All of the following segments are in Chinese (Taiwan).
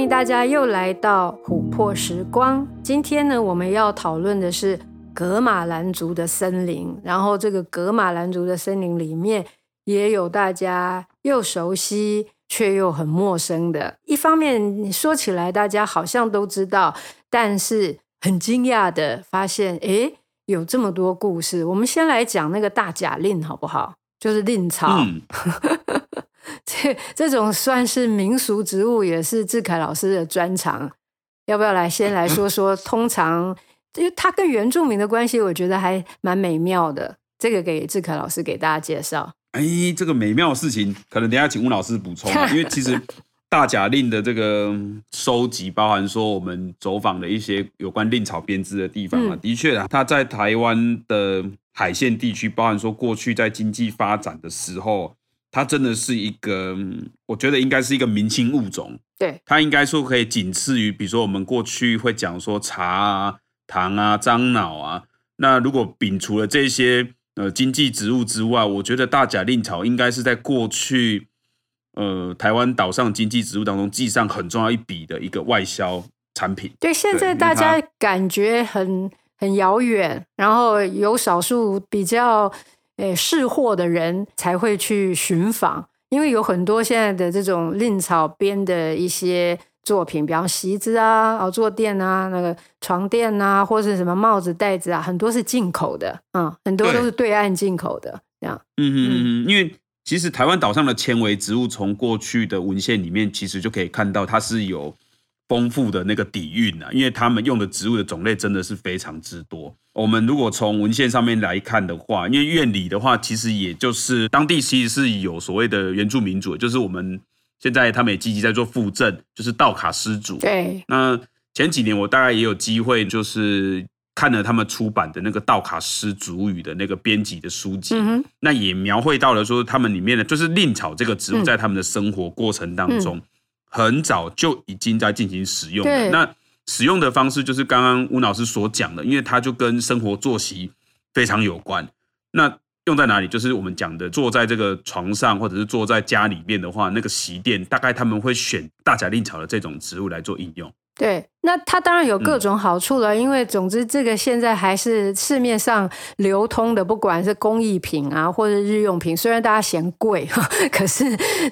歡迎大家又來到琥珀時光。今天呢，我們要討論的是噶瑪蘭族的森林。然後，這個噶瑪蘭族的森林裡面，也有大家又熟悉卻又很陌生的。一方面你說起來，大家好像都知道，但是很驚訝的發現，哎，有這麼多故事。我們先來講那個大甲藺，好不好？就是藺草。嗯 這這種算是民俗植物，也是智凱老師的專長。要不要來先來說說？通常，因為他跟原住民的關係，我覺得還蠻美妙的。這個給智凱老師給大家介紹。哎，這個美妙的事情，可能等下請溫老師補充、啊。 因為其實大甲藺的這個收集，包含說我們走訪的一些有關藺草編織的地方啊，嗯、的確啊，它在台灣的海線地區，包含說過去在經濟發展的時候。它真的是一個，我覺得應該是一個明星物種。對，它應該說可以僅次於，比如說我們過去會講說茶啊、糖啊、樟腦啊。那如果摒除了這些呃經濟植物之外，我覺得大甲藺草應該是在過去，呃，台灣島上經濟植物當中，記上很重要一筆的一個外銷產品。對，現在大家感覺很很遙遠，然後有少數比較。誒，識貨的人才會去尋訪，因為有很多現在的這種藺草編的一些作品，比方席子啊、哦坐墊啊、那個床墊啊，或是什麼帽子、袋子啊，很多是進口的啊、嗯，很多都是對岸進口的。這樣，嗯嗯嗯，因為其實台灣島上的纖維植物，從過去的文獻裡面，其實就可以看到它是有豐富的那個底蘊啊，因為他們用的植物的種類真的是非常之多。我們如果從文獻上面來看的話，因為苑裡的話，其實也就是當地其實是有所謂的原住民族，就是我們現在他們也積極在做復振，就是道卡斯族。對。那前幾年我大概也有機會，就是看了他們出版的那個道卡斯族語的那個編輯的書籍、嗯，那也描繪到了說他們裡面的就是藺草這個植物在他們的生活過程當中，嗯嗯、很早就已經在進行使用對那使用的方式就是剛剛溫老師所講的，因為它就跟生活作息非常有關。那用在哪裡？就是我們講的，坐在這個床上或者是坐在家裡面的話，那個席墊大概他們會選大甲藺草的這種植物來做應用。對，那它當然有各種好處了，因為總之這個現在還是市面上流通的，不管是工藝品啊或者是日用品，雖然大家嫌貴，可是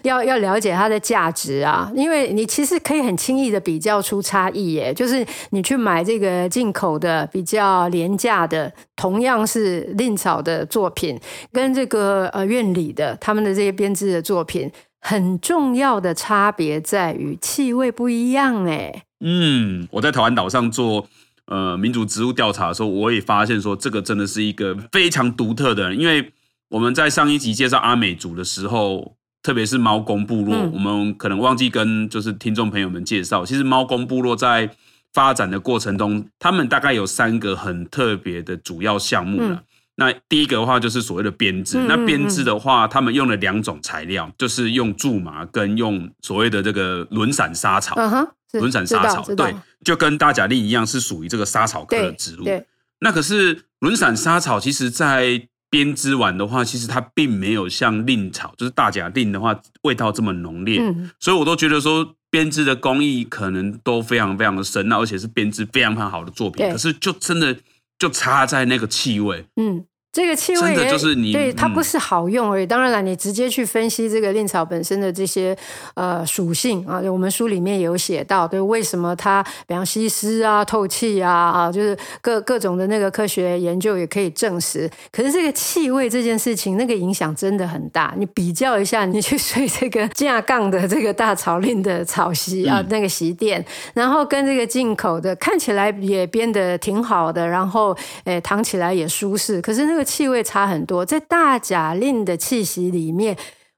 要要了解它的價值啊，因為你其實可以很輕易的比較出差異耶，就是你去買這個進口的比較廉價的，同樣是藺草的作品，跟這個呃苑裡的他們的這些編織的作品。很重要的差別在於氣味不一樣哎、欸。嗯，我在台灣島上做呃民族植物調查的時候，我也發現說，這個真的是一個非常獨特的。因為我們在上一集介紹阿美族的時候，特別是貓公部落、嗯，我們可能忘記跟就是聽眾朋友們介紹，其實貓公部落在發展的過程中，他們大概有三個很特別的主要項目了。嗯那第一個的話就是所謂的編織、嗯嗯嗯，那編織的話，他們用了兩種材料，嗯嗯就是用苎麻跟用所謂的這個輪傘沙草。輪、嗯、傘沙草，對，就跟大甲藺一樣，是屬於這個沙草科的植物。那可是輪傘沙草，其實在編織完的話，其實它並沒有像藺草，就是大甲藺的話，味道這麼濃烈、嗯。所以我都覺得說編織的工藝可能都非常非常的深、啊。那而且是編織非常非常好的作品。可是就真的。就差在那個氣味，嗯。這個氣味也就是你對、嗯、它不是好用而已。當然了，你直接去分析這個藺草本身的這些呃屬性啊，我們書裡面也有寫到，對，為什麼它比方吸濕啊、透氣啊啊，就是各各種的那個科學研究也可以證實。可是這個氣味這件事情，那個影響真的很大。你比較一下，你去睡這個架槓的這個大甲藺的草席，嗯、啊，那個席墊，然後跟這個進口的看起來也編得挺好的，然後誒躺起來也舒適，可是那個。氣味差很多，在大甲藺的氣息裡面，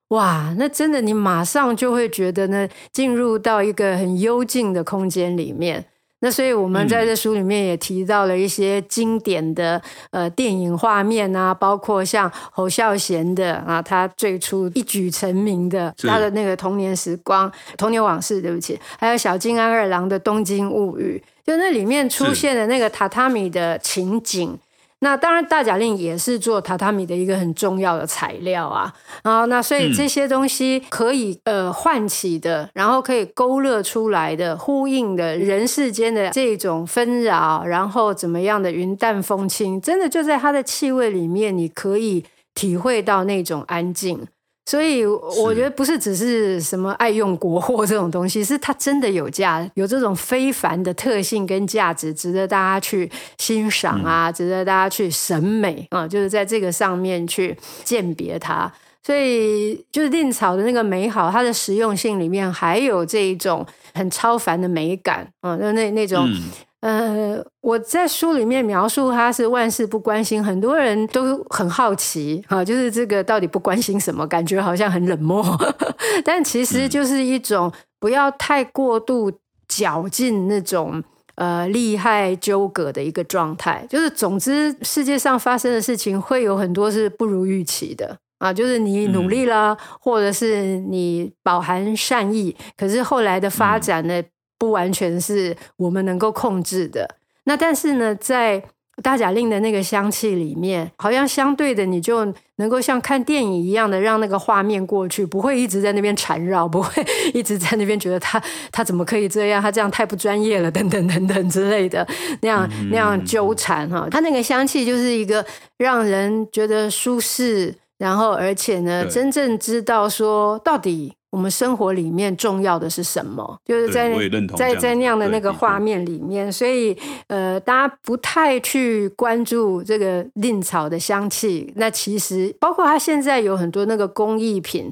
哇，那真的你馬上就會覺得呢，進入到一個很幽靜的空間裡面。那所以我們在這書裡面也提到了一些經典的、嗯、呃電影畫面啊，包括像侯孝賢的啊，他最初一舉成名的他的那個童年時光、童年往事，對不起，還有小津安二郎的《東京物語》，就那裡面出現的那個榻榻米的情景。那當然，大甲藺也是做榻榻米的一個很重要的材料啊啊，oh, 那所以這些東西可以、嗯、呃喚起的，然後可以勾勒出來的，呼應的人世間的這種紛擾，然後怎麼樣的雲淡風輕，真的就在它的氣味裡面，你可以體會到那種安靜。所以我覺得不是只是什麼愛用國貨這種東西，是它真的有價，有這種非凡的特性跟價值，值得大家去欣賞啊，值得大家去審美啊，嗯嗯，就是在這個上面去鑑別它。所以就是藺草的那個美好，它的實用性裡面還有這一種很超凡的美感啊，就、哦、那那種，嗯、呃，我在書裡面描述它是萬事不關心，很多人都很好奇啊、哦，就是這個到底不關心什麼，感覺好像很冷漠，但其實就是一種不要太過度絞盡那種、嗯、呃利害糾葛的一個狀態。就是總之，世界上發生的事情會有很多是不如預期的。啊，就是你努力了，嗯、或者是你飽含善意，可是後來的發展呢，嗯、不完全是我們能夠控制的。那但是呢，在大甲藺的那個香氣裡面，好像相對的你就能夠像看電影一樣的讓那個畫面過去，不會一直在那邊纏繞，不會一直在那邊覺得他他怎麼可以這樣，他這樣太不專業了，等等等等之類的那樣、嗯、那樣糾纏哈。他、啊、那個香氣就是一個讓人覺得舒適。然後，而且呢，真正知道說到底，我們生活裡面重要的是什麼，就是在在在那樣的那個畫面裡面，所以呃，大家不太去關注這個藺草的香氣。那其實包括它現在有很多那個工藝品，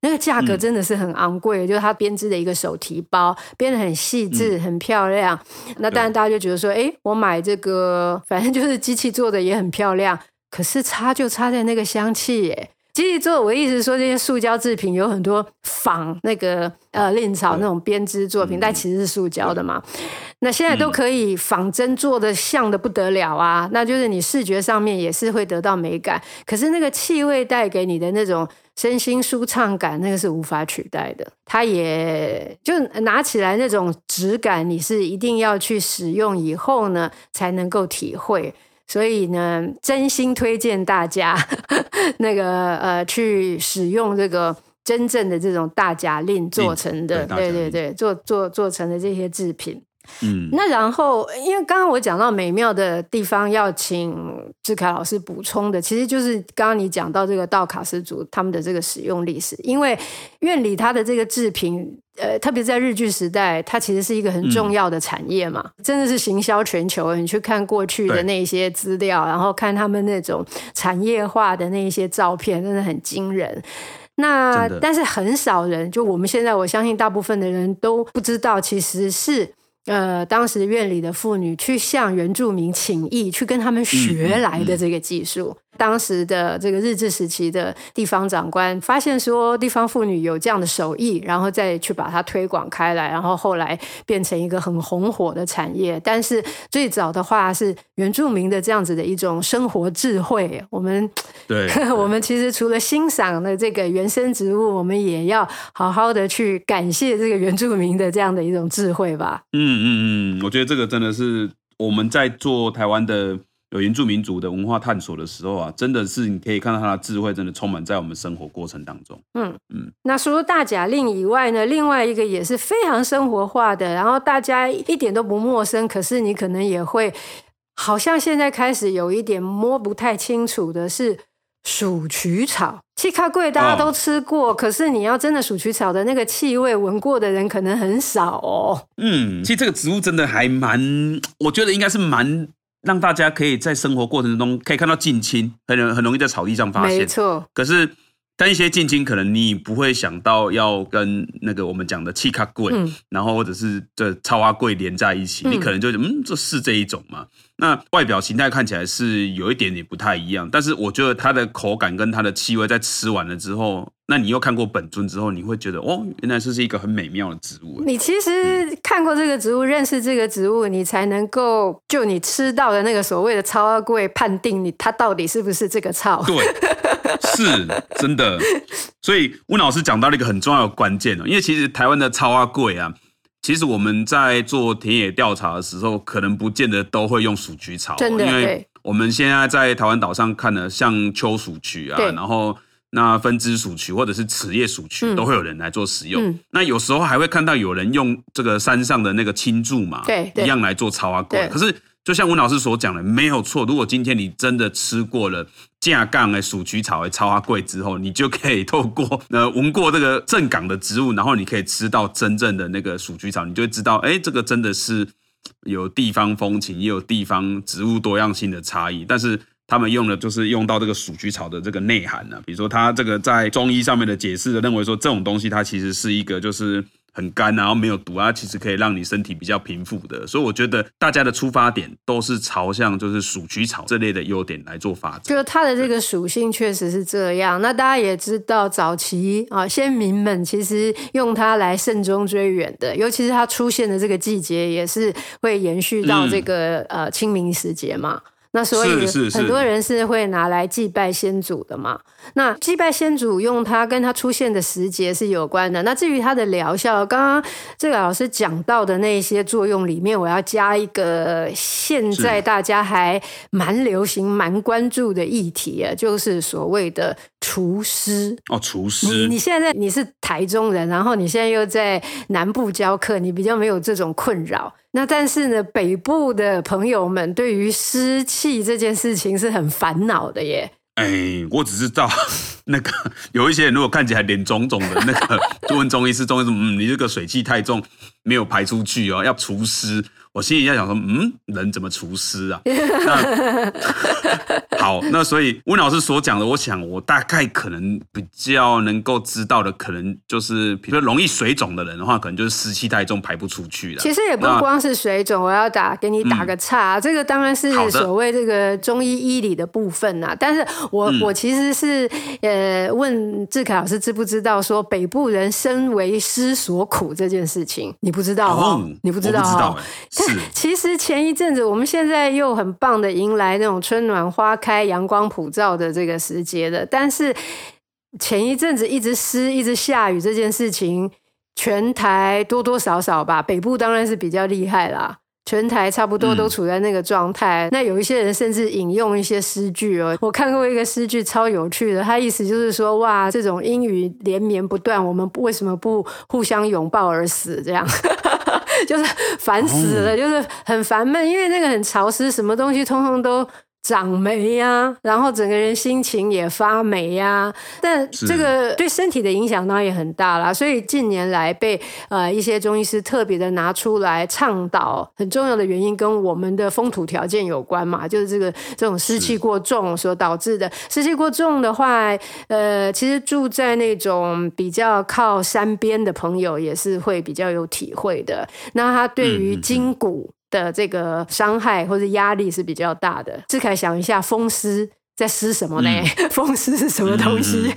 那個價格真的是很昂貴，嗯、就是它編織的一個手提包，編得很細緻、嗯、很漂亮。那當然大家就覺得說，哎，我買這個，反正就是機器做的也很漂亮。可是差就差在那個香氣耶。其實做，我一直說這些塑膠製品有很多仿那個呃藺草那種編織作品，嗯，但其實是塑膠的嘛。嗯、那現在都可以仿真做得像得不得了啊，嗯。那就是你視覺上面也是會得到美感，可是那個氣味帶給你的那種身心舒暢感，那個是無法取代的。它也就拿起來那種質感，你是一定要去使用以後呢，才能夠體會。所以呢，真心推薦大家，呵呵那個呃，去使用這個真正的這種大甲藺做成的，對對對，對，對，對，做做做成的這些制品。嗯，那然後，因為剛剛我講到美妙的地方，要請志凱老師補充的，其實就是剛剛你講到這個道卡斯族他們的這個使用歷史，因為院裡它的這個製品，呃，特別在日據時代，它其實是一個很重要的產業嘛，嗯、真的是行銷全球。你去看過去的那些資料，然後看他們那種產業化的那些照片，真的很驚人。那但是很少人，就我們現在我相信大部分的人都不知道，其實是。呃，當時苑裡的婦女去向原住民請益，去跟他們學來的這個技術。嗯嗯嗯當時的這個日治時期的地方長官發現說，地方婦女有這樣的手藝，然後再去把它推廣開來，然後後來變成一個很紅火的產業。但是最早的話是原住民的這樣子的一種生活智慧。我們，對，對 我們其實除了欣賞了這個原生植物，我們也要好好的去感謝這個原住民的這樣的一種智慧吧。嗯嗯嗯，我覺得這個真的是我們在做台灣的。有原住民族的文化探索的時候啊，真的是你可以看到他的智慧，真的充滿在我們生活過程當中。嗯嗯，那除了大甲藺以外呢，另外一個也是非常生活化的，然後大家一點都不陌生，可是你可能也會好像現在開始有一點摸不太清楚的是鼠麴草。鼠麴粿大家都吃過，哦、可是你要真的鼠麴草的那個氣味聞過的人可能很少哦。嗯，其實這個植物真的還蠻，我覺得應該是蠻。讓大家可以在生活過程中可以看到近親，很很容易在草地上發現。沒錯，可是。但一些近親可能你不會想到要跟那個我們講的刺殼粿，嗯、然後或者是這草仔粿連在一起，嗯、你可能就覺得嗯，這是這一種嘛？那外表形態看起來是有一點點不太一樣，但是我覺得它的口感跟它的氣味，在吃完了之後，那你又看過本尊之後，你會覺得哦，原來這是一個很美妙的植物。你其實看過這個植物，嗯、認識這個植物，你才能夠就你吃到的那個所謂的草仔粿判定你它到底是不是這個草。對。 是，真的。所以溫老師講到了一個很重要的關鍵哦，因為其實台灣的草仔粿啊，其實我們在做田野調查的時候，可能不見得都會用鼠麴草，真的。因為我們現在在台灣島上看的，像秋鼠麴啊，然後那分枝鼠麴或者是匙葉鼠麴，都會有人來做使用，嗯。那有時候還會看到有人用這個山上的那個青柱嘛，對，對，一樣來做草仔粿。可是。就像溫老師所講的，沒有錯。如果今天你真的吃過了架槓哎、鼠麴草哎、超花貴之後，你就可以透過呃聞過這個正港的植物，然後你可以吃到真正的那個鼠麴草，你就會知道，哎，這個真的是有地方風情，也有地方植物多樣性的差異。但是他們用的就是用到這個鼠麴草的這個內涵、啊、比如說它這個在中醫上面的解釋的認為說，這種東西它其實是一個就是。很乾、啊，然後沒有毒啊，其實可以讓你身體比較平復的，所以我覺得大家的出發點都是朝向就是鼠曲草這類的優點來做發展。就是它的這個屬性確實是這樣。那大家也知道，早期啊、呃，先民們其實用它來慎終追遠的，尤其是它出現的這個季節，也是會延續到這個、嗯、呃清明時節嘛。那所以很多人是會拿來祭拜先祖的嘛。那祭拜先祖用它跟它出現的時節是有關的。那至於它的療效，剛剛這個老師講到的那些作用裡面，我要加一個現在大家還蠻流行、蠻關注的議題啊，就是所謂的。除濕哦，除濕，你，你現在，在你是台中人，然後你現在又在南部教課，你比較沒有這種困擾。那但是呢，北部的朋友們對於濕氣這件事情是很煩惱的耶。哎，我只知道那個有一些人如果看起來臉腫腫的，那個問 中醫師中醫師，嗯，你這個水氣太重，沒有排出去哦，要除濕。我心裡在想說，嗯，人怎麼除濕啊 ？好，那所以溫老師所講的，我想我大概可能比較能夠知道的，可能就是，比如說容易水腫的人的話，可能就是濕氣太重排不出去了。其實也不光是水腫，我要打給你打個岔，啊嗯，這個當然是所謂這個中醫醫理的部分啊。但是我，嗯，我其實是呃問智凱老師知不知道說北部人身為濕所苦這件事情？你不知道啊，哦？你不知道，不知道，欸？其實前一陣子，我們現在又很棒的迎來那種春暖花開、陽光普照的這個時節的。但是前一陣子一直濕、一直下雨這件事情，全台多多少少吧，北部當然是比較厲害啦，全台差不多都處在那個狀態。嗯、那有一些人甚至引用一些詩句哦，我看過一個詩句超有趣的，他意思就是說：哇，這種陰雨連綿不斷，我們為什麼不互相擁抱而死？這樣。 就是煩死了，嗯，就是很煩悶，因為那個很潮濕，什麼東西通通都。長黴呀、啊，然後整個人心情也發黴呀、啊。但這個對身體的影響當然也很大啦。所以近年來被呃一些中醫師特別的拿出來倡導。很重要的原因跟我們的風土條件有關嘛，就是這個這種溼氣過重所導致的。溼氣過重的話，呃，其實住在那種比較靠山邊的朋友也是會比較有體會的。那他對於筋骨。的這個傷害或是壓力是比較大的。智凱，想一下，風濕在濕什麼呢？嗯、 風濕是什麼東西？對、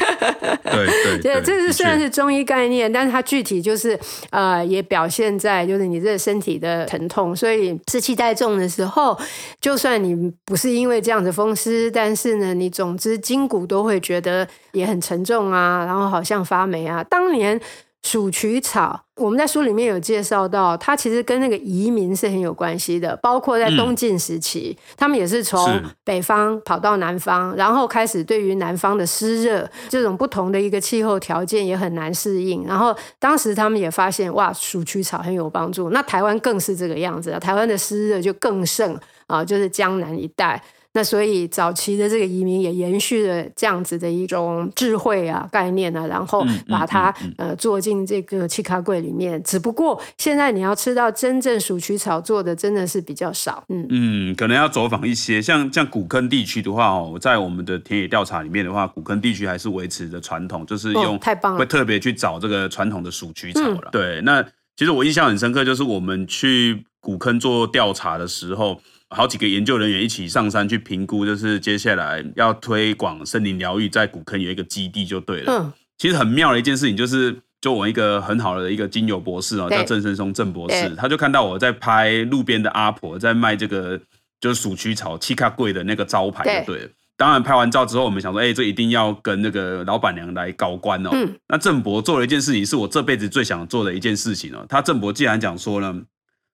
嗯、對，對對 這是雖然是中醫概念，但是它具體就是呃，也表現在就是你這身體的疼痛。所以濕氣太重的時候，就算你不是因為這樣的風濕，但是呢，你總之筋骨都會覺得也很沉重啊，然後好像發霉啊，當年。鼠麴草，我們在書裡面有介紹到，它其實跟那個移民是很有關係的。包括在東晉時期、嗯，他們也是從北方跑到南方，然後開始對於南方的濕熱這種不同的一個氣候條件也很難適應。然後當時他們也發現，哇，鼠麴草很有幫助。那台灣更是這個樣子，台灣的濕熱就更盛啊、呃，就是江南一帶。那所以早期的這個移民也延續了這樣子的一種智慧啊概念啊，然後把它、嗯嗯嗯嗯，呃做進這個刺殼粿裡面。只不過現在你要吃到真正鼠麴草做的，真的是比較少。嗯嗯，可能要走訪一些像像古坑地區的話哦，在我們的田野調查裡面的話，古坑地區還是維持着傳統，就是用、哦，太棒了，會特別去找這個傳統的鼠麴草了、嗯。對，那其實我印象很深刻，就是我們去古坑做調查的時候。好幾個研究人員一起上山去評估，就是接下來要推廣森林療癒，在古坑有一個基地就對了。其實很妙的一件事情，就是就我一個很好的一個精油博士啊、哦，叫鄭生松鄭博士，他就看到我在拍路邊的阿婆在賣這個就是鼠曲草七卡貴的那個招牌就對了。當然拍完照之後，我們想說，哎，這一定要跟那個老闆娘來高官哦。那鄭博做了一件事情，是我這輩子最想做的一件事情了、哦。他鄭博既然講說呢。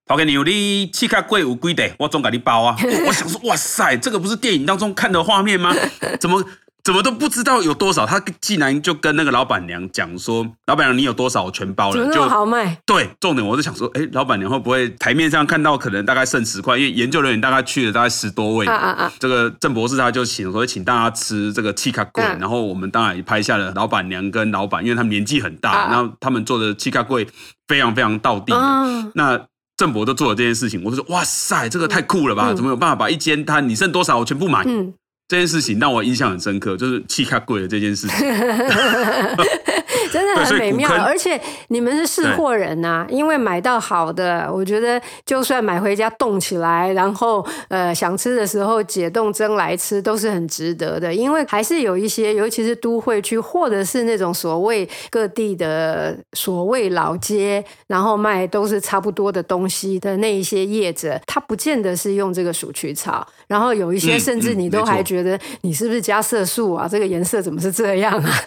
包給你，有哩七卡粿烏貴的，我總給你包啊、哦！我想說，哇塞，這個不是電影當中看的畫面嗎？怎麼怎麼都不知道有多少？他竟然就跟那個老闆娘講說，老闆娘你有多少我全包了，就這麼豪邁？對，重點我是想說，哎、欸，老闆娘會不會台面上看到可能大概剩十塊？因為研究人員大概去了大概十多位，啊啊啊這個鄭博士他就請所以請大家吃這個七卡粿、嗯，然後我們當然也拍下了老闆娘跟老闆，因為他年紀很大啊啊，然後他們做的七卡粿非常非常到地、嗯、那。鄭伯都做了這件事情，我就說哇塞，這個太酷了吧！怎麼有辦法把一間攤你剩多少，我全部買，嗯？這件事情讓我印象很深刻，就是氣卡櫃的這件事情。 真的很美妙，而且你們是識貨人吶、啊。因為買到好的，我覺得就算買回家凍起來，然後呃，想吃的時候解凍蒸來吃，都是很值得的。因為還是有一些，尤其是都會區，或者是那種所謂各地的所謂老街，然後賣都是差不多的東西的那一些業者，他不見得是用這個鼠麴草。然後有一些，甚至你都還覺得、嗯嗯、你是不是加色素啊？這個顏色怎麼是這樣啊？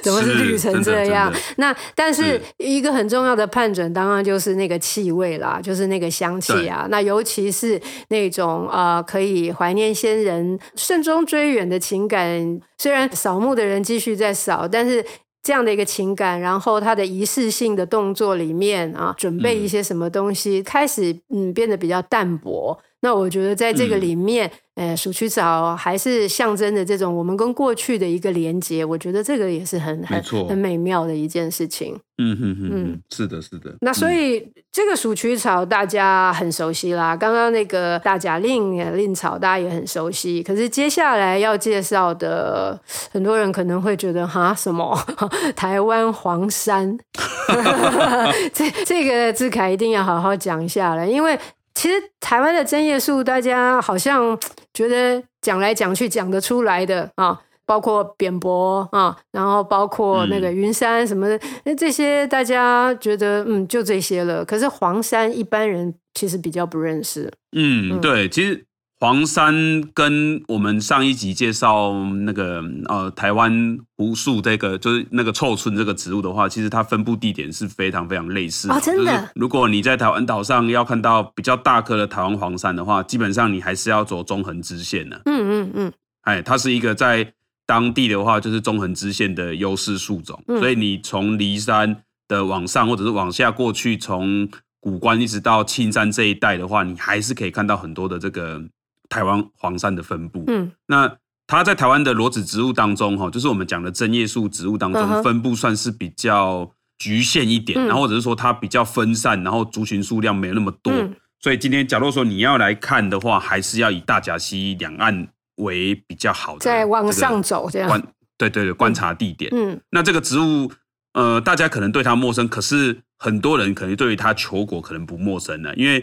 怎麼是綠成這樣？那但是一個很重要的判準，當然就是那個氣味啦，是就是那個香氣啊。那尤其是那種啊、呃，可以懷念先人、慎終追遠的情感。雖然掃墓的人繼續在掃，但是這樣的一個情感，然後他的儀式性的動作裡面啊，準備一些什麼東西，嗯、開始嗯變得比較淡薄。那我覺得在這個裡面，誒、嗯，鼠、欸、曲草還是象徵著這種我們跟過去的一個連接，我覺得這個也是很很很美妙的一件事情。嗯哼哼、嗯，是的，是的。那所以，嗯、這個鼠曲草大家很熟悉啦，剛剛那個大甲藺藺草大家也很熟悉，可是接下來要介紹的，很多人可能會覺得哈什麼台灣黃杉， 這這個智凱一定要好好講一下了，因為。其實台灣的針葉樹，大家好像覺得講來講去講得出來的啊，包括扁柏啊，然後包括那個雲杉什麼的，那、嗯、這些大家覺得嗯就這些了。可是黃杉一般人其實比較不認識。嗯，嗯對，其實。黃杉跟我們上一集介紹那個呃台灣胡樹這個就是那個臭椿這個植物的話，其實它分佈地點是非常非常類似的啊。哦。真的，就是，如果你在台灣島上要看到比較大棵的台灣黃杉的話，基本上你還是要走中橫支線的。啊。嗯嗯嗯。哎、嗯，它是一個在當地的話就是中橫支線的優勢樹種，所以你從梨山的往上或者是往下過去，從谷關一直到青山這一帶的話，你還是可以看到很多的這個。台灣黃杉的分布，嗯，那它在台灣的裸子植物當中，哈，就是我們講的針葉樹植物當中，分布算是比較侷限一點，然後只是說它比較分散，然後族群數量沒有那麼多、嗯，所以今天假如說你要來看的話，還是要以大甲溪兩岸為比較好的，再往上走這樣，對對對，觀察地點，嗯，那這個植物，呃，大家可能對它陌生，可是很多人可能對於它球果可能不陌生的、啊，因為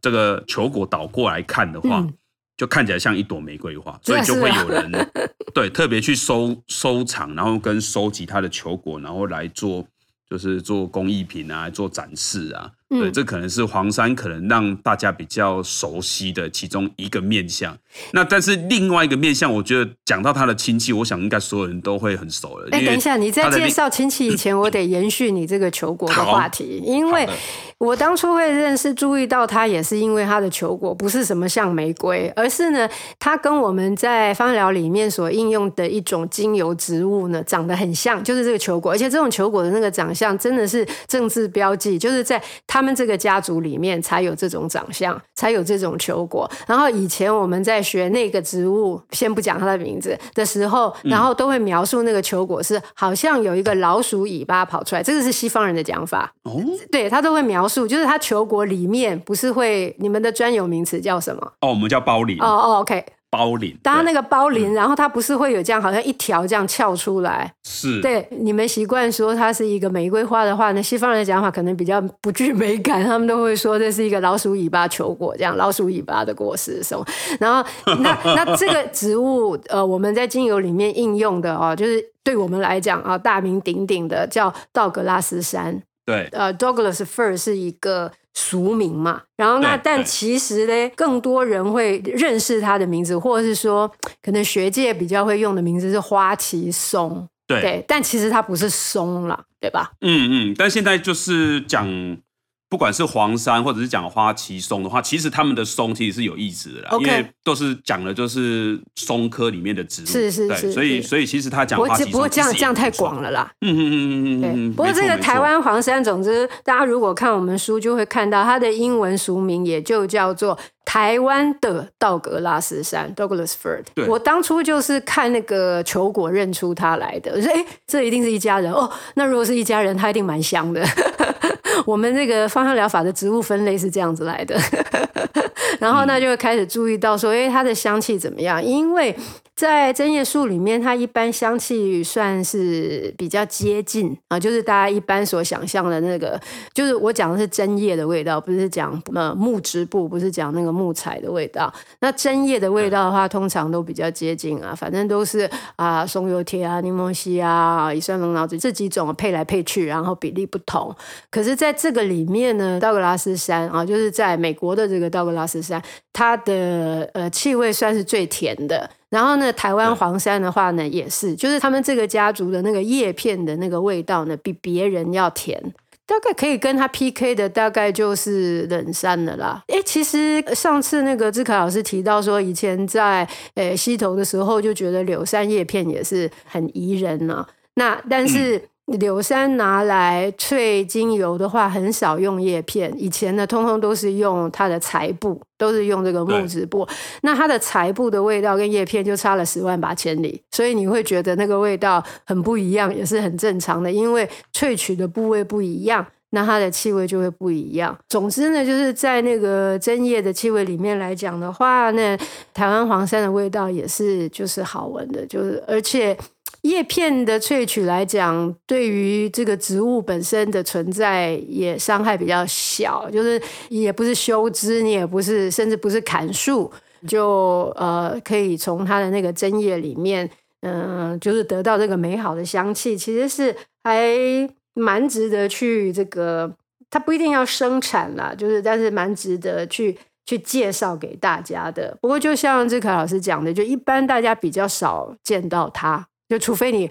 這個球果倒過來看的話、嗯。就看起來像一朵玫瑰花，所以就會有人是啊是啊對 特別去收收藏，然後跟收集它的球果，然後來做就是做工藝品啊，做展示啊。對，這可能是黃杉可能讓大家比較熟悉的其中一個面向。那但是另外一個面向，我覺得講到他的親戚，我想應該所有人都會很熟了。哎，等一下，你在介紹親戚以前，嗯、我得延續你這個球果的話題，因為我當初會認識、注意到他，也是因為他的球果不是什麼像玫瑰，而是呢，它跟我們在芳療裡面所應用的一種精油植物呢，長得很像，就是這個球果。而且這種球果的那個長相真的是政治標記，就是在他。他們這個家族裡面才有這種長相，才有這種球果。然後以前我們在學那個植物，先不講它的名字的時候，然後都會描述那個球果是好像有一個老鼠尾巴跑出來，這個是西方人的講法。哦，對，他都會描述，就是它球果裡面不是會，你們的專有名詞叫什麼？哦，我們叫苞鱗。哦哦，OK。包鱗當然那個包鱗，然後它不是會有這樣，好像一條這樣翹出來。是對你們習慣說它是一個玫瑰花的話那西方人講的話可能比較不具美感，他們都會說這是一個老鼠尾巴球果，這樣老鼠尾巴的果實什麼。然後那那這個植物， 呃，我們在精油裡面應用的哦，就是對我們來講啊、哦，大名鼎鼎的叫道格拉斯杉。對，呃、uh,，Douglas fir 是一個俗名嘛，然後那但其實呢，更多人會認識他的名字，或者是說，可能學界比較會用的名字是花旗松，對，對，但其實它不是松啦，對吧？嗯嗯，但現在就是講。嗯不管是黃杉，或者是講花旗松的話，其實他們的松其實是有意思的啦，okay. 因為都是講的，就是松科裡面的植物。是是是，是是所以是是所以其實他講花旗松不，過不過這樣這樣太廣了啦。嗯哼嗯哼嗯哼嗯嗯不過這個台灣黃杉總、嗯嗯嗯嗯嗯嗯、之大家如果看我們書就會看到它的英文俗名，也就叫做台灣的道格拉斯杉。Douglas 對。我當初就是看那個球果認出它來的，我說：“哎、欸，這一定是一家人哦。”那如果是一家人，他一定蠻香的。 我們這個芳香療法的植物分類是這樣子來的， 然後那就會開始注意到說、嗯，誒，它的香氣怎麼樣？因為在針葉樹裡面，它一般香氣算是比較接近啊、呃，就是大家一般所想象的那個，就是我講的是針葉的味道，不是講呃木質部，不是講那個木材的味道。那針葉的味道的話，通常都比較接近啊，反正都是啊、呃、松油萜、啊、檸檬烯、啊、乙酸龍腦酯這幾種配來配去，然後比例不同，可是，在在這個裡面呢，道格拉斯杉啊，就是在美國的這個道格拉斯杉，它的呃氣味算是最甜的。然後呢，台灣黃杉的話呢，也是，就是他們這個家族的那個葉片的那個味道呢，比別人要甜。大概可以跟他 PK 的，大概就是冷杉的啦。哎、欸，其實上次那個智凱老師提到說，以前在呃溪頭的時候，就覺得柳杉葉片也是很宜人啊。那但是。嗯柳杉拿來萃精油的話，很少用葉片，以前呢，通通都是用它的材部，都是用這個木質部。那它的材部的味道跟葉片就差了十萬八千里，所以你會覺得那個味道很不一樣，也是很正常的，因為萃取的部位不一樣，那它的氣味就會不一樣。總之呢，就是在那個針葉的氣味裡面來講的話，那台灣黃杉的味道也是就是好聞的，就是而且。葉片的萃取來講，對於這個植物本身的存在也傷害比較小，就是也不是修枝，你也不是甚至不是砍樹，就呃可以從它的那個針葉裡面，嗯、呃，就是得到這個美好的香氣，其實是還蠻值得去這個，它不一定要生產啦，就是但是蠻值得去去介紹給大家的。不過就像智凱老師講的，就一般大家比較少見到它。就除非你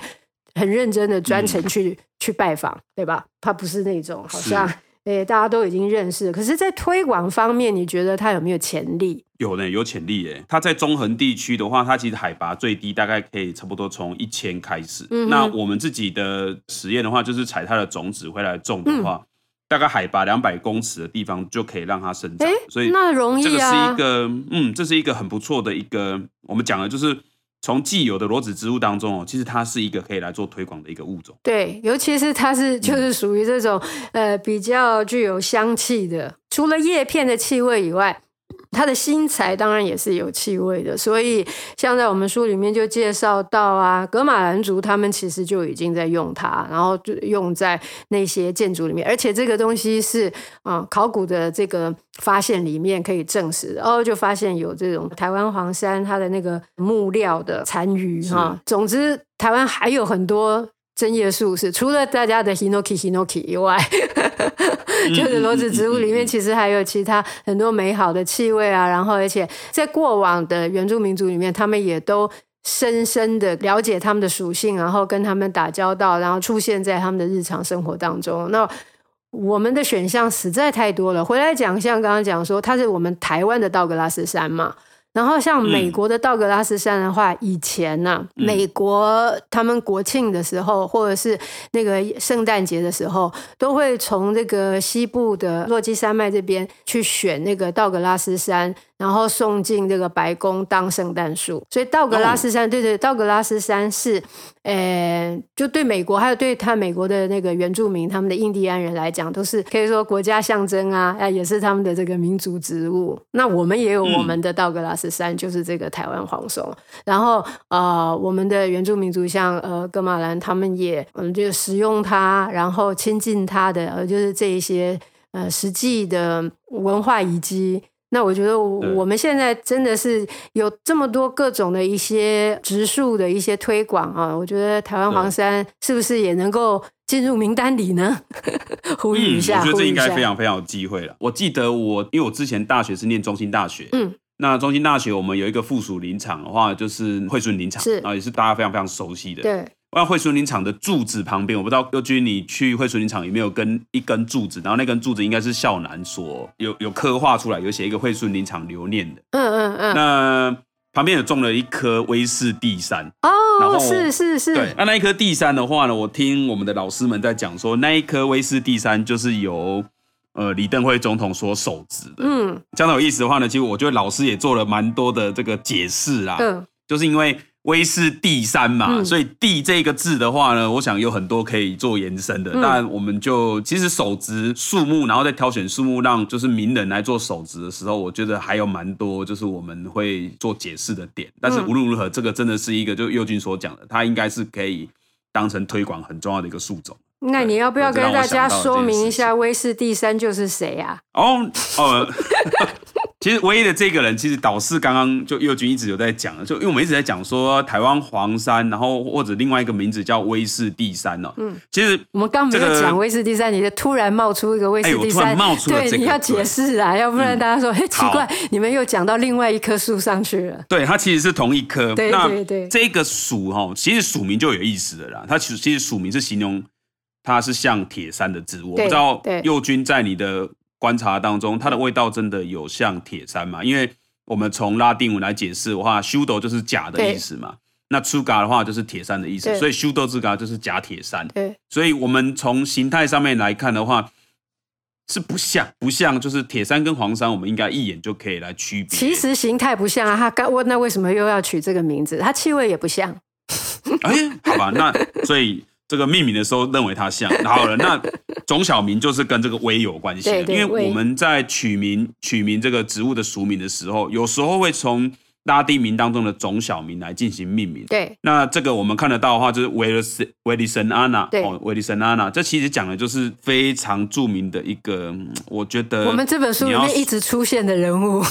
很認真的專程去、嗯、去拜訪，對吧？他不是那種好像，哎、欸，大家都已經認識。可是，在推廣方面，你覺得他有沒有潛力？有呢、欸，有潛力、欸。耶。他在中橫地區的話，它其實海拔最低大概可以差不多從一千開始、嗯。那我們自己的實驗的話，就是採它的種子回來種的話，嗯、大概海拔兩百公尺的地方就可以讓它生長。欸、所以那容易，這是一個，嗯，這是一個很不錯的一個，我們講的就是。從既有的裸子植物當中哦，其實它是一個可以來做推廣的一個物種。對，尤其是它是就是屬於這種、嗯、呃比較具有香氣的，除了葉片的氣味以外。它的心材當然也是有氣味的，所以像在我們書裡面就介紹到啊，噶瑪蘭族他們其實就已經在用它，然後就用在那些建築裡面，而且這個東西是啊、嗯，考古的這個發現裡面可以證實的哦，就發現有這種台灣黃杉它的那個木料的殘餘哈。總之，台灣還有很多針葉樹是除了大家的 Hinoki Hinoki 以外。 就是裸子植物裡面，其實還有其他很多美好的氣味啊。然後，而且在過往的原住民族裡面，他們也都深深的了解他們的屬性，然後跟他們打交道，然後出現在他們的日常生活當中。那我們的選項實在太多了。回來講，像剛剛講說，它是我們台灣的道格拉斯杉嘛。然後，像美國的道格拉斯杉的話，以前呢、啊，美國他們國慶的時候，或者是那個聖誕節的時候，都會從這個西部的洛基山脈這邊去選那個道格拉斯杉。然後送進這個白宮當聖誕樹，所以道格拉斯杉，嗯、對對，道格拉斯杉是，呃，就對美國還有對他美國的那個原住民，他們的印第安人來講，都是可以說國家象徵啊、呃，也是他們的這個民族植物。那我們也有我們的道格拉斯杉，嗯、就是這個台灣黃杉。然後，呃，我們的原住民族像呃噶瑪蘭他們也，嗯，就使用它，然後親近它的，呃，就是這一些呃實際的文化遺跡。那我覺得我們現在真的是有這麼多各種的一些植樹的一些推廣啊，我覺得台灣黃杉是不是也能夠進入名單裡呢？呼 籲一下、嗯我非常非常嗯，我覺得這應該非常非常有機會了。我記得我因為我之前大學是念中興大學，嗯，那中興大學我們有一個附屬林場的話，就是惠蓀林場，是啊，也是大家非常非常熟悉的，對。萬惠蓀林場的柱子旁邊，我不知道佑君你去惠蓀林場有沒有跟一根柱子，然後那根柱子應該是孝南所有有刻畫出來，有寫一個惠蓀林場留念的。嗯嗯嗯。那旁邊有種了一棵威士地杉。哦，然後是是是。對。那那一棵地杉的話呢，我聽我們的老師們在講說，那一棵威士地杉就是由呃李登輝總統所手植的。嗯。這樣有意思的話呢，其實我覺得老師也做了蠻多的這個解釋啦。嗯。就是因為。威是第三嘛，所以 “D” 這個字的話呢，我想有很多可以做延伸的。嗯、但我們就其實手植樹木，然後再挑選樹木，讓就是名人來做手植的時候，我覺得還有蠻多就是我們會做解釋的點。但是無論如何，這個真的是一個就佑君所講的，它應該是可以當成推廣很重要的一個樹種。那你要不要跟大家說明一下，威氏第三就是誰啊？哦哦、呃，其實唯一的這個人，其實導師剛剛就佑君一直有在講，就因為我們一直在講說台灣黃杉，然後或者另外一個名字叫威氏第三哦。嗯，其實、這個、我們剛沒有講威氏第三，你就突然冒出一個威氏第三，哎突然冒出這個、對，你要解釋啊，要不然大家說、嗯、嘿奇怪，你們又講到另外一棵樹上去了。對，它其實是同一棵。對對對，這個屬哈，其實屬名就有意思的啦。它其實其實屬名是形容。它是像鐵杉的字，我不知道佑君在你的觀察當中，它的味道真的有像鐵杉嗎？因為我們從拉丁文來解釋的話，pseudo 就是假的意思嘛，那 tsuga 的話就是鐵杉的意思，所以 pseudotsuga 就是假鐵杉。對，所以我們從形態上面來看的話，是不像，不像，就是鐵杉跟黃杉，我們應該一眼就可以來區別。其實形態不像啊，他剛問那為什麼又要取這個名字？它氣味也不像。哎、 欸，好吧，那所以。這個命名的時候認為它像，好了，那種小名就是跟這個微有關係。對對，因為我們在取名取名這個植物的俗名的時候，有時候會從。拉丁名當中的總小名來進行命名。對，那這個我們看得到的話，就是威爾斯·威利森安娜，哦，威利森安娜。這其實講的就是非常著名的一個，我覺得我們這本書裡面一直出現的人物。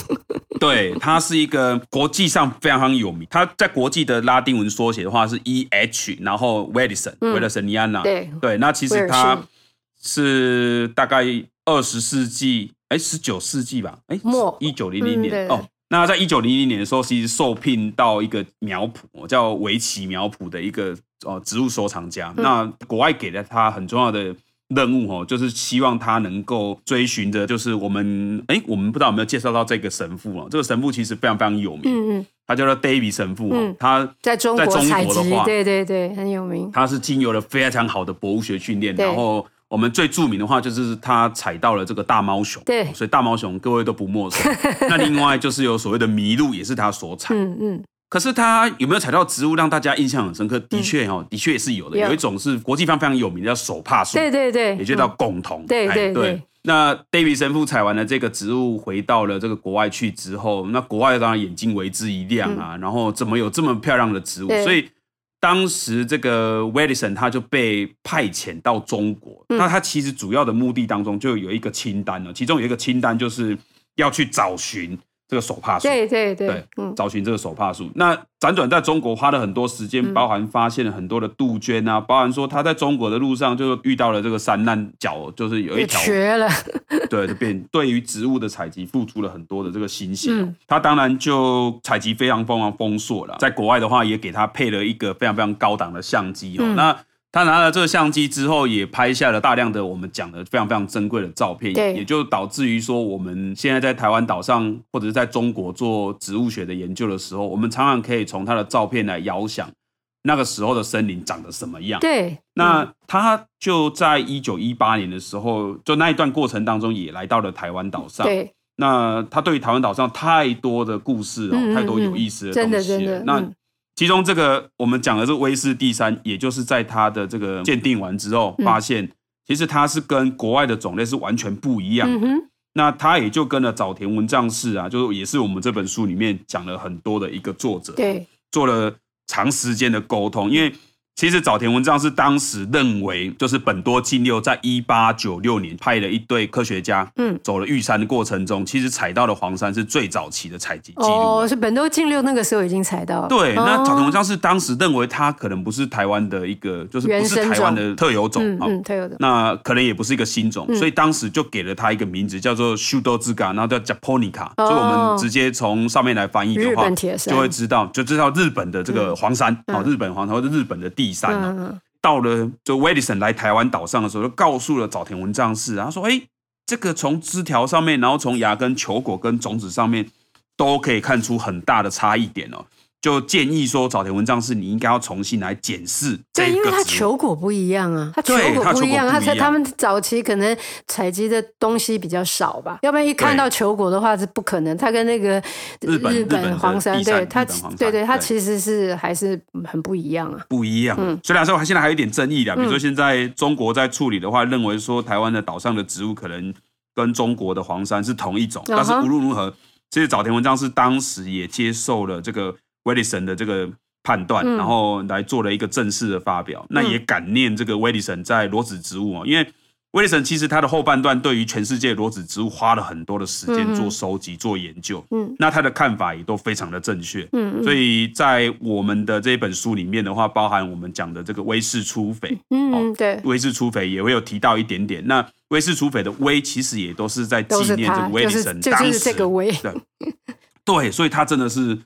對，他是一個國際上非常有名。他在國際的拉丁文縮寫的話是 E H，然後威利森。威利森尼安娜。對，對，那其實他是大概二十世紀，哎、欸，十九世紀吧，哎、欸，末一九零零年哦。嗯對 oh, 那在一九零零年的時候，其實受聘到一個苗圃，叫維奇苗圃的一個植物收藏家，嗯。那國外給了他很重要的任務哦，就是希望他能夠追尋着，就是我們哎、欸，我們不知道有沒有介紹到這個神父哦，這個神父其實非常非常有名，嗯嗯，他叫做 David 神父，嗯、他在中國採集，對對對，很有名。他是經由了非常好的博物學訓練，然後。我們最著名的話就是他採到了這個大貓熊，對，所以大貓熊各位都不陌生。 那另外就是有所謂的麋鹿，也是他所採。嗯嗯，可是他有沒有採到植物讓大家印象很深刻？的確哦、嗯，的確也是有的有。有一種是國際上非常有名的，叫手帕樹。對對對。也就叫珙桐，嗯對對對哎對。對對對。那 David 神父採完了這個植物，回到了這個國外去之後，那國外當然眼睛為之一亮啊。嗯，然後怎麼有這麼漂亮的植物？所以。當時這個威爾遜他就被派遣到中國，那、嗯、他其實主要的目的當中就有一個清單了，其中有一個清單就是要去找尋。這個手帕樹，對對對，對嗯，找尋這個手帕樹，那輾轉在中國花了很多時間，包含發現了很多的杜鵑啊，包含說他在中國的路上就遇到了這個山難，腳就是有一條，瘸了，對，就變。對於植物的採集付出了很多的這個心血、嗯，他當然就採集非常非常豐碩了。在國外的話，也給他配了一個非常非常高檔的相機哦、嗯，那。他拿了這個相機之後，也拍下了大量的我們講的非常非常珍貴的照片，對，也就導致於說，我們現在在台灣島上或者是在中國做植物學的研究的時候，我們常常可以從他的照片來遙想那個時候的森林長得什麼樣，對。那他就在一九一八年的時候，就那一段過程當中也來到了台灣島上，對。那他對於台灣島上太多的故事，哦，太多有意思的東西了嗯嗯，真的真的。嗯、那其中這個我們講的是威士第三，也就是在他的這個鑑定完之後發現、嗯、其實它是跟國外的種類是完全不一樣的、嗯、那他也就跟了早田文藏氏啊，就是也是我們這本書裡面講了很多的一個作者，對，做了長時間的溝通，因為。其實早田文章是當時認為，就是本多靜六在一八九六年派了一堆科學家，嗯，走了玉山的過程中，其實採到了黃杉是最早期的採集記錄。哦，是本多靜六那個時候已經採到了。對，那早田文章是當時認為他可能不是台灣的一個，就是不是台灣的特有種啊，特有的。那可能也不是一個新種，所以當時就給了他一個名字叫做 Pseudotsuga，然後叫 japonica。所以我們直接從上面來翻譯的話，就會知道就知道日本的這個黃杉啊，日本黃杉或者日本的地。第三呢，到了就 Watson 來台灣島上的時候，就告訴了早田文藏氏，他說：“誒，這個從枝條上面，然後從芽根、球果跟種子上面，都可以看出很大的差異點哦。”就建議說，早田文藏氏你應該要重新來檢視。對，這個植物，因為他球果不一樣啊，他球果不一樣，他它他們早期可能採集的東西比較少吧，要不然一看到球果的話是不可能。他跟那個日本日本黃杉，山對他對對他其實是還是很不一樣啊，不一樣，啊嗯。雖然說現在還有一點爭議的，嗯，比如說現在中國在處理的話，認為說台灣的島上的植物可能跟中國的黃杉是同一種，嗯，但是無論如何，其實早田文藏氏當時也接受了這個。威利森的這個判斷、嗯，然後來做了一個正式的發表。嗯、那也感念這個威利森在裸子植物啊、哦，因為威利森其實他的後半段對於全世界裸子植物花了很多的時間做收集、嗯、做研究。嗯，那他的看法也都非常的正確。嗯，所以在我們的這本書裡面的話，包含我們講的這個威氏粗榧嗯，嗯，對。威氏粗榧也會有提到一點點。那威氏粗榧的威，其實也都是在紀念這個威利森。就是、就是、當時對，對，所以他真的是。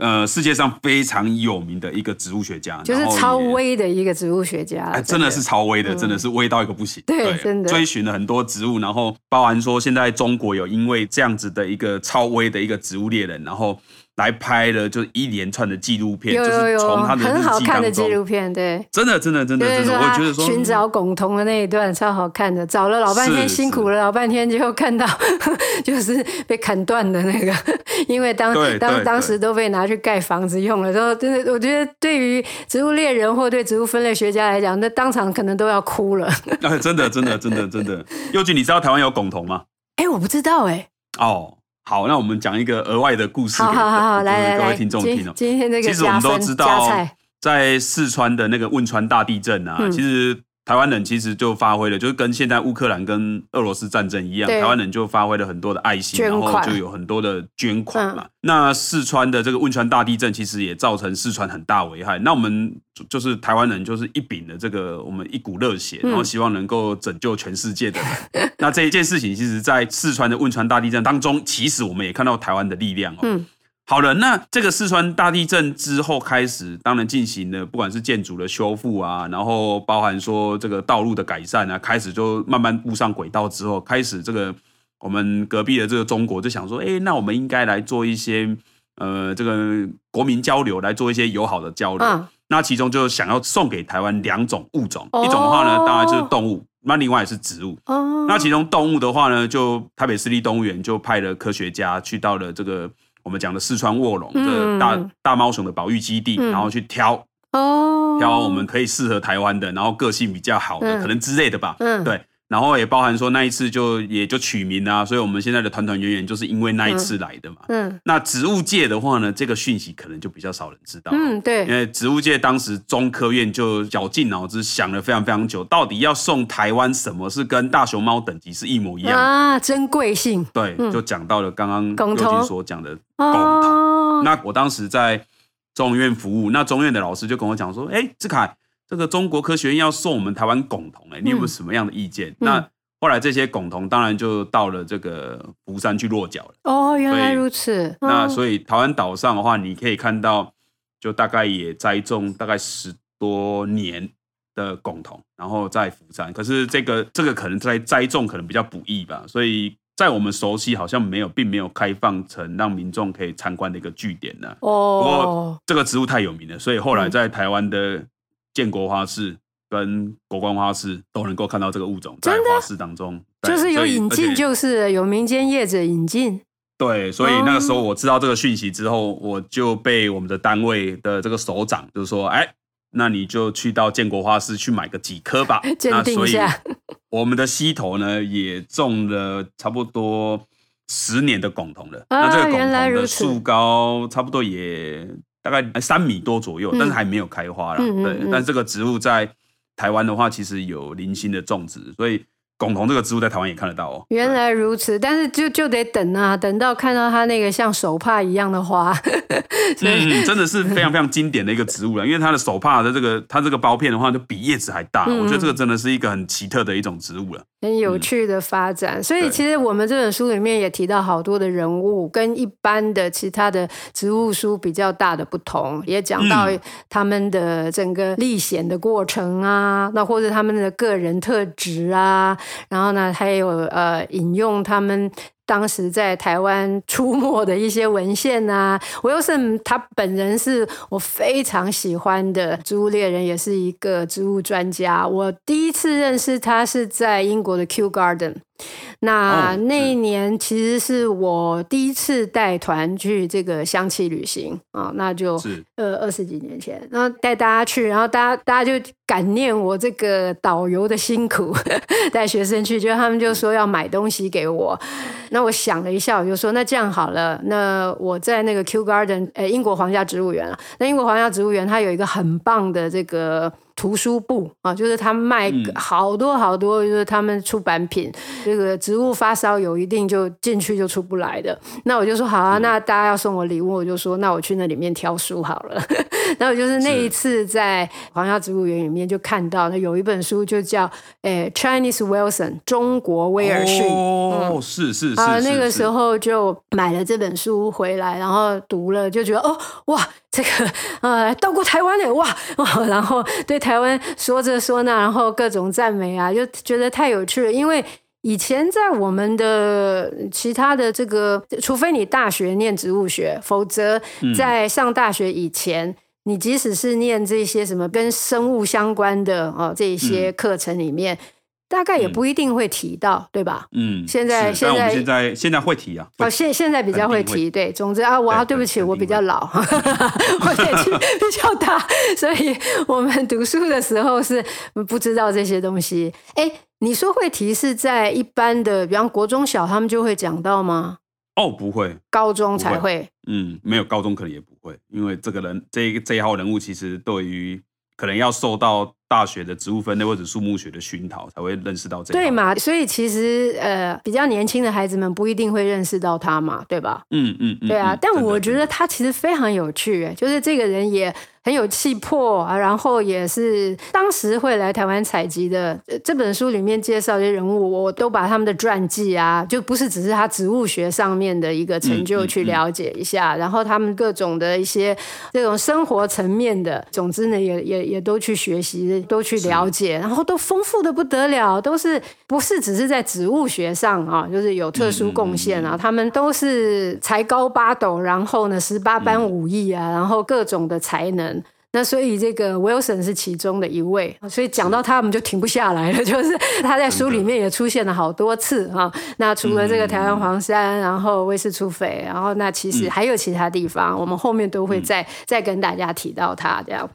呃，世界上非常有名的一個植物學家，就是超威的一個植物學家，哎，真的是超威的，真的是威到一個不行。對，對，對，真的追尋了很多植物，然後包含說，現在中國有因為這樣子的一個超威的一個植物獵人，然後。來拍了，就一連串的紀錄片有有有，就是從他的日記當中，很好看的紀錄片，對。真的，真的，真的，真的，我覺得說尋找珙桐的那一段超好看的，找了老半天，是是辛苦了老半天，最後看到是是 就是被砍斷的那個， 因為當對對對當當時都被拿去蓋房子用了，之後真的，我覺得對於植物獵人或對植物分類學家來講，那當場可能都要哭了 欸。真的，真的，真的，真的。佑君，你知道台灣有珙桐嗎？哎、欸，我不知道、欸，哎。哦。好，那我們講一個額外的故事給你們。好好好好，來來來，各位聽眾聽哦、喔。今天這個，其實我們都知道，在四川的那個汶川大地震啊，嗯、其實。台灣人其實就發揮了，就是跟現在烏克蘭跟俄羅斯戰爭一樣，台灣人就發揮了很多的愛心，然後就有很多的捐款嘛、嗯。那四川的這個汶川大地震其實也造成四川很大危害，那我們就是台灣人就是一柄的這個我們一股熱血，然後希望能夠拯救全世界的人、嗯。那這一件事情，其實在四川的汶川大地震當中，其實我們也看到台灣的力量哦。嗯好了，那這個四川大地震之後開始，當然進行了不管是建築的修復啊，然後包含說這個道路的改善啊，開始就慢慢步上軌道之後，開始這個我們隔壁的這個中國就想說，哎，那我們應該來做一些呃這個國民交流，來做一些友好的交流、嗯。那其中就想要送給台灣兩種物種，一種的話呢，哦、當然就是動物，那另外也是植物、哦。那其中動物的話呢，就台北市立動物園就派了科學家去到了這個。我們講的四川臥龍的，這、嗯、大大貓熊的保育基地，嗯、然後去挑、哦，挑我們可以適合台灣的，然後個性比較好的，嗯、可能之類的吧，嗯、對。然後也包含說那一次就也就取名啊，所以我們現在的團團圓圓就是因為那一次來的嘛。嗯。嗯那植物界的話呢，這個訊息可能就比較少人知道。嗯，對。因為植物界當時中科院就絞盡腦汁想了非常非常久，到底要送台灣什麼是跟大熊貓等級是一模一樣啊？珍貴性。對，嗯、就講到了剛剛佑君所講的。共、嗯、同。那我當時在中研院服務，那中研院的老師就跟我講說：“哎，志凱。”這個中國科學院要送我們台灣珙桐，哎，你有沒有什麼樣的意見？嗯嗯、那後來這些珙桐當然就到了這個福山去落腳了。哦，原來如此。哦、所那所以台灣島上的話，你可以看到，就大概也栽種大概十多年的珙桐，然後在福山。可是這個這個可能在栽種可能比較不易吧，所以在我們熟悉，好像沒有，並沒有開放成讓民眾可以參觀的一個據點呢。哦，不過這個植物太有名了，所以後來在台灣的、嗯。建國花市跟國光花市都能夠看到這個物種在花市當中，就是有引進，就是有民間業者引進。對，所以那個時候我知道這個訊息之後，我就被我們的單位的這個首長就說：“哎，那你就去到建國花市去買個幾棵吧。”那所以我們的溪頭呢，也種了差不多十年的珙桐了、啊。那這個珙桐的樹高差不多也大概三米多左右，但是還沒有開花啦。嗯、對，嗯嗯、但是這個植物在台灣的話，其實有零星的種植，所以珙桐這個植物在台灣也看得到哦。原來如此，但是就就得等啊，等到看到它那個像手帕一樣的花。 所以、嗯、真的是非常非常經典的一個植物了，因為它的手帕的這個它這個苞片的話，就比葉子還大、嗯。我覺得這個真的是一個很奇特的一種植物了。很有趣的發展。嗯，所以其實我們這本書裡面也提到好多的人物，跟一般的其他的植物書比較大的不同，也講到他們的整個歷險的過程啊，嗯，那或者他們的個人特質啊，然後呢還有呃引用他們。當時在台灣出沒的一些文獻吶，啊，Wilson 他本人，是我非常喜歡的植物獵人，也是一個植物專家。我第一次認識他是在英國的 Kew Garden。那、oh, 那一年其實是我第一次帶團去這個香氣旅行啊、哦，那就呃二十幾年前，然後帶大家去，然後大家大家就感念我這個導遊的辛苦，帶 學生去，就他們就說要買東西給我，那我想了一下，我就說那這樣好了，那我在那個 Kew Garden，、欸、英國皇家植物園、啊、那英國皇家植物園它有一個很棒的這個。圖書部啊，就是他們賣好多好多，就是他們出版品。嗯、這個植物發燒友一定就進去就出不來的。那我就說好啊，那大家要送我禮物、嗯，我就說那我去那裡面挑書好了。 那我就是那一次在皇家植物園裡面就看到，有一本書就叫《欸、Chinese Wilson》，中國威爾遜。哦，是、嗯、是是。是是那個時候就買了這本書回來，然後讀了，就覺得哦，哇。這個呃、嗯、到過台灣嘞，哇哇，然後對台灣說這說那，然後各種讚美啊，就覺得太有趣了。因為以前在我們的其他的這個，除非你大學念植物學，否則在上大學以前，嗯、你即使是念這些什麼跟生物相關的哦，這些課程裡面。嗯大概也不一定會提到，嗯、對吧？嗯，現在現在現在現在會提啊！哦，現現在比較會提。對，總之啊，我對，啊對不起，我比較老， 我年紀比較大，所以我們讀書的時候是不知道這些東西。哎、欸，你說會提是在一般的，比方國中小，他們就會講到嗎？哦，不會，高中會才會。嗯，沒有，高中可能也不會，因為這個人這一這一號人物其實對於可能要受到。大學的植物分類或者樹木學的熏陶才會認識到這個。對嘛？所以其實，呃，比較年輕的孩子們不一定會認識到他嘛，對吧？嗯嗯嗯。對啊，嗯，但我覺得他其實非常有趣，就是這個人也。很有氣魄啊，然後也是當時會來台灣採集的，呃，這本書裡面介紹的人物，我都把他們的傳記啊，就不是只是他植物學上面的一個成就去了解一下，嗯嗯嗯。然後他們各種的一些這種生活層面的，總之呢，也也也都去學習，都去了解，然後都豐富的不得了，都是不是只是在植物學上啊，就是有特殊貢獻啊，嗯嗯嗯嗯嗯嗯。他們都是才高八斗，然後呢，十八般武藝啊，嗯嗯。然後各種的才能。那所以這個 Wilson 是其中的一位，所以講到他們就停不下來了，就是他在書裡面也出現了好多次啊、哦。那除了這個台灣黃杉，嗯，然後威氏粗榧，然後那其實還有其他地方，嗯、我們後面都會再、嗯、再跟大家提到他這樣。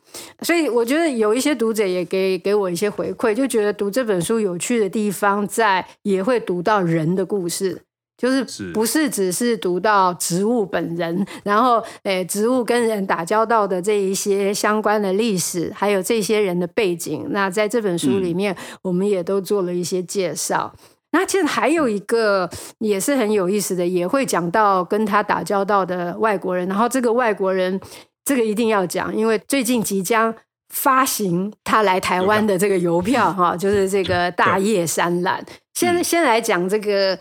所以我覺得有一些讀者也給給我一些回饋，就覺得讀這本書有趣的地方在也會讀到人的故事。就是不是只是讀到植物本人，然後誒，植物跟人打交道的這一些相關的歷史，還有這些人的背景。那在這本書裡面，我們也都做了一些介紹、嗯。那其實還有一個也是很有意思的，也會講到跟他打交道的外國人。然後這個外國人，這個一定要講，因為最近即將發行他來台灣的這個郵票哈、嗯哦，就是這個大葉山欖。先先來講這個。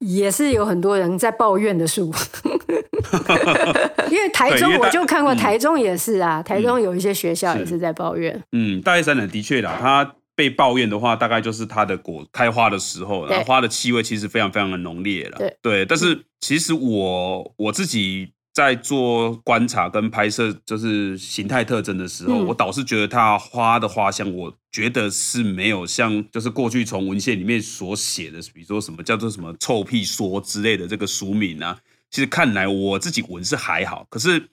也是有很多人在抱怨的樹。 因為台中我就看過，台中也是啊，台中有一些學校也是在抱怨 。嗯，大葉山欖的確啦，它被抱怨的話，大概就是它的果開花的時候，然後花的氣味其實非常非常的濃烈了。對，但是其實我我自己。在做觀察跟拍攝，就是形態特徵的時候，嗯、我倒是覺得它花的花香，我覺得是沒有像，就是過去從文獻裡面所寫的，比如說什麼叫做什麼臭屁說之類的這個書名啊，其實看來我自己聞是還好，可是。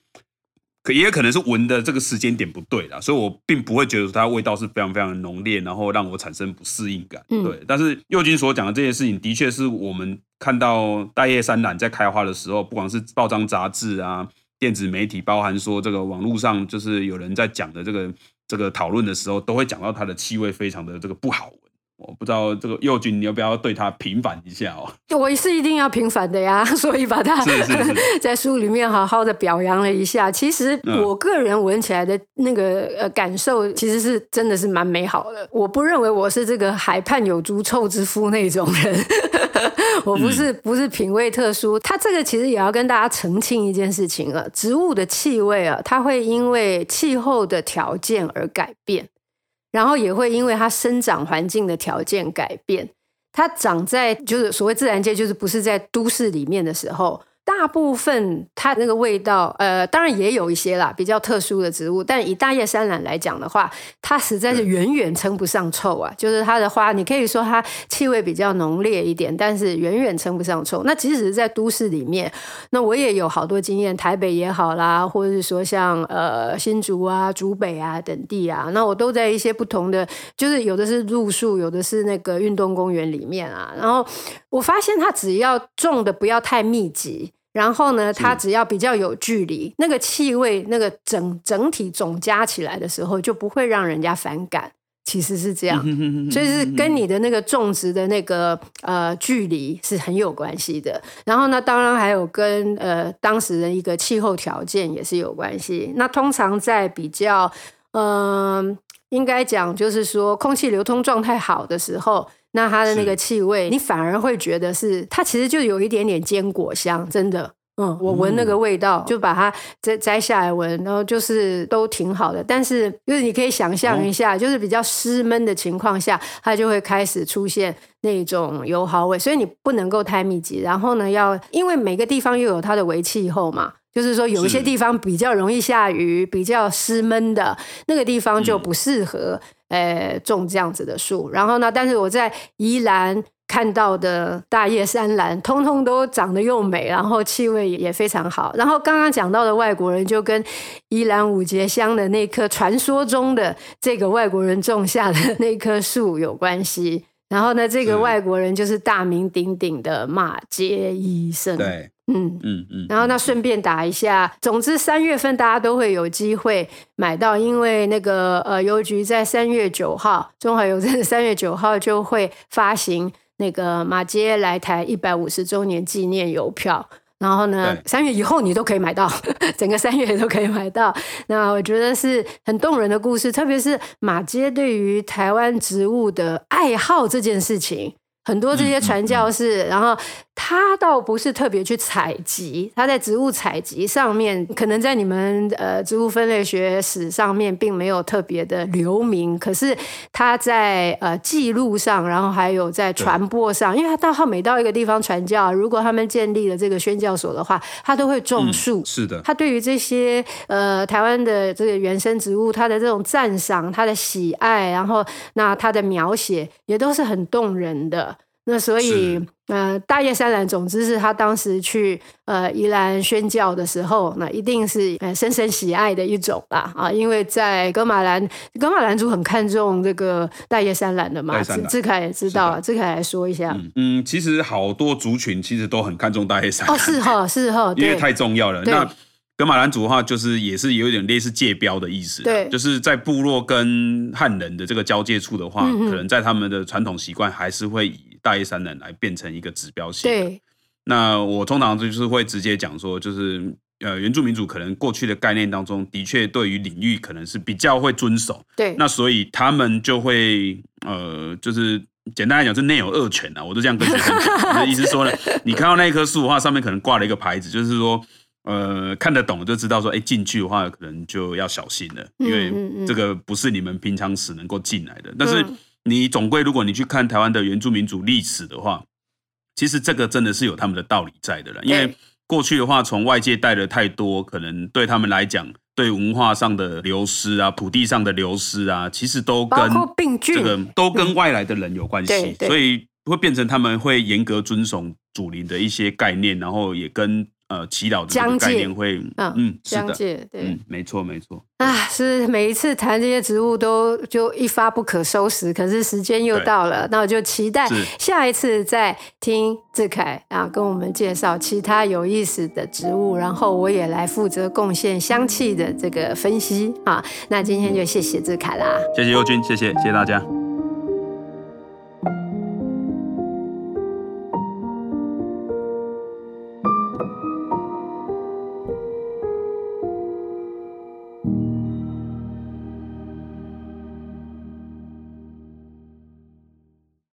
可也可能是聞的這個時間點不對啦，所以我並不會覺得它味道是非常非常濃烈，然後讓我產生不適應感。對、嗯，但是佑君所講的這件事情，的確是我們看到大葉山欖在開花的時候，不管是報章雜誌啊、電子媒體，包含說這個網絡上，就是有人在講的這個這個討論的時候，都會講到它的氣味非常的這個不好。我不知道這個佑君你要不要對他平反一下哦？我是一定要平反的呀，所以把他是是是 在書裡面好好的表揚了一下。其實我個人聞起來的那個呃感受，其實是真的是蠻美好的。我不認為我是這個海畔有逐臭之夫那種人， 我不是不是品味特殊。他這個其實也要跟大家澄清一件事情了：植物的氣味啊，它會因為氣候的條件而改變。然後也會因為它生長環境的條件改變，它長在就是所謂自然界，就是不是在都市裡面的時候。大部分它那個味道，呃，當然也有一些啦，比較特殊的植物。但以大葉山欖來講的話，它實在是遠遠稱不上臭啊。就是它的花，你可以說它氣味比較濃烈一點，但是遠遠稱不上臭。那即使是在都市裡面，那我也有好多經驗，台北也好啦，或者是說像呃新竹啊、竹北啊等地啊，那我都在一些不同的，就是有的是路樹，有的是那個運動公園裡面啊。然後我發現它只要種的不要太密集。然後呢，它只要比較有距離，那個氣味那個整整體總加起來的時候，就不會讓人家反感。其實是這樣，所以是跟你的那個種植的那個呃距離是很有關係的。然後呢，當然還有跟呃當時的一個氣候條件也是有關係。那通常在比較嗯、呃，應該講就是說空氣流通狀態好的時候，那它的那個氣味，你反而會覺得是它其實就有一點點堅果香，真的。嗯，我聞那個味道，嗯、就把它摘摘下來聞，然後就是都挺好的。但是就是你可以想象一下，嗯、就是比較濕悶的情況下，它就會開始出現那種油耗味，所以你不能夠太密集。然後呢，要因為每個地方又有它的微氣候嘛，就是說有一些地方比較容易下雨，比較濕悶的那個地方就不適合。呃、哎，種這樣子的樹，然後呢，但是我在宜蘭看到的大葉山欖，通通都長得又美，然後氣味也非常好。然後剛剛講到的外國人，就跟宜蘭五結鄉的那棵傳說中的這個外國人種下的那棵樹有關係。然後呢，這個外國人就是大名鼎鼎的馬偕醫生。對。嗯嗯嗯，然後那順便打一下，嗯、總之三月份大家都會有機會買到，因為那個呃郵局在三月九號，中華郵政三月九號就會發行那個馬偕來台一百五十周年紀念郵票，然後呢，三月以後你都可以買到，整個三月都可以買到。那我覺得是很動人的故事，特別是馬偕對於台灣植物的愛好這件事情。很多這些傳教士，嗯嗯，然後他倒不是特別去採集，他在植物採集上面，可能在你們呃植物分類學史上面並沒有特別的留名。可是他在呃記錄上，然後還有在傳播上，因為他到後每到一個地方傳教，如果他們建立了這個宣教所的話，他都會種樹。嗯、是的，他對於這些呃台灣的這個原生植物，他的這種讚賞，他的喜愛，然後那他的描寫也都是很動人的。那所以，呃，大葉山欖，總之是他當時去呃宜蘭宣教的時候，那一定是呃深深喜愛的一種吧？啊，因為在噶瑪蘭，噶瑪蘭族很看重這個大葉山欖的嘛。志志凱也知道，啊、志凱來說一下嗯。嗯，其實好多族群其實都很看重大葉山欖。哦，是哈，是哈，因為太重要了。那噶瑪蘭族的話，就是也是有點類似界標的意思。對，就是在部落跟漢人的這個交界處的話，嗯嗯可能在他們的傳統習慣還是會以。大一、三等來變成一個指標性。對，那我通常就是會直接講說，就是呃，原住民族可能過去的概念當中的確對於領域可能是比較會遵守。對，那所以他們就會呃，就是簡單來講是內有惡犬啊，我都這樣跟你的 意思說呢，你看到那一棵樹的話，上面可能掛了一個牌子，就是說呃看得懂就知道說，哎，進去的話可能就要小心了，因為這個不是你們平常時能夠進來的，但是嗯嗯嗯。嗯你總歸，如果你去看台灣的原住民族歷史的話，其實這個真的是有他們的道理在的了。因為過去的話，從外界帶了太多，可能對他們來講，對文化上的流失啊，土地上的流失啊，其實都跟這個都跟外來的人有關係，嗯，所以會變成他們會嚴格遵守祖靈的一些概念，然後也跟。呃，祈禱的概念會，江嗯嗯，對，嗯、沒錯沒錯啊，是每一次談這些植物都就一發不可收拾，可是時間又到了，那我就期待下一次再聽智凱啊跟我們介紹其他有意思的植物，然後我也來負責貢獻香氣的這個分析啊。那今天就謝謝智凱啦，嗯、謝謝佑君，謝謝謝謝大家。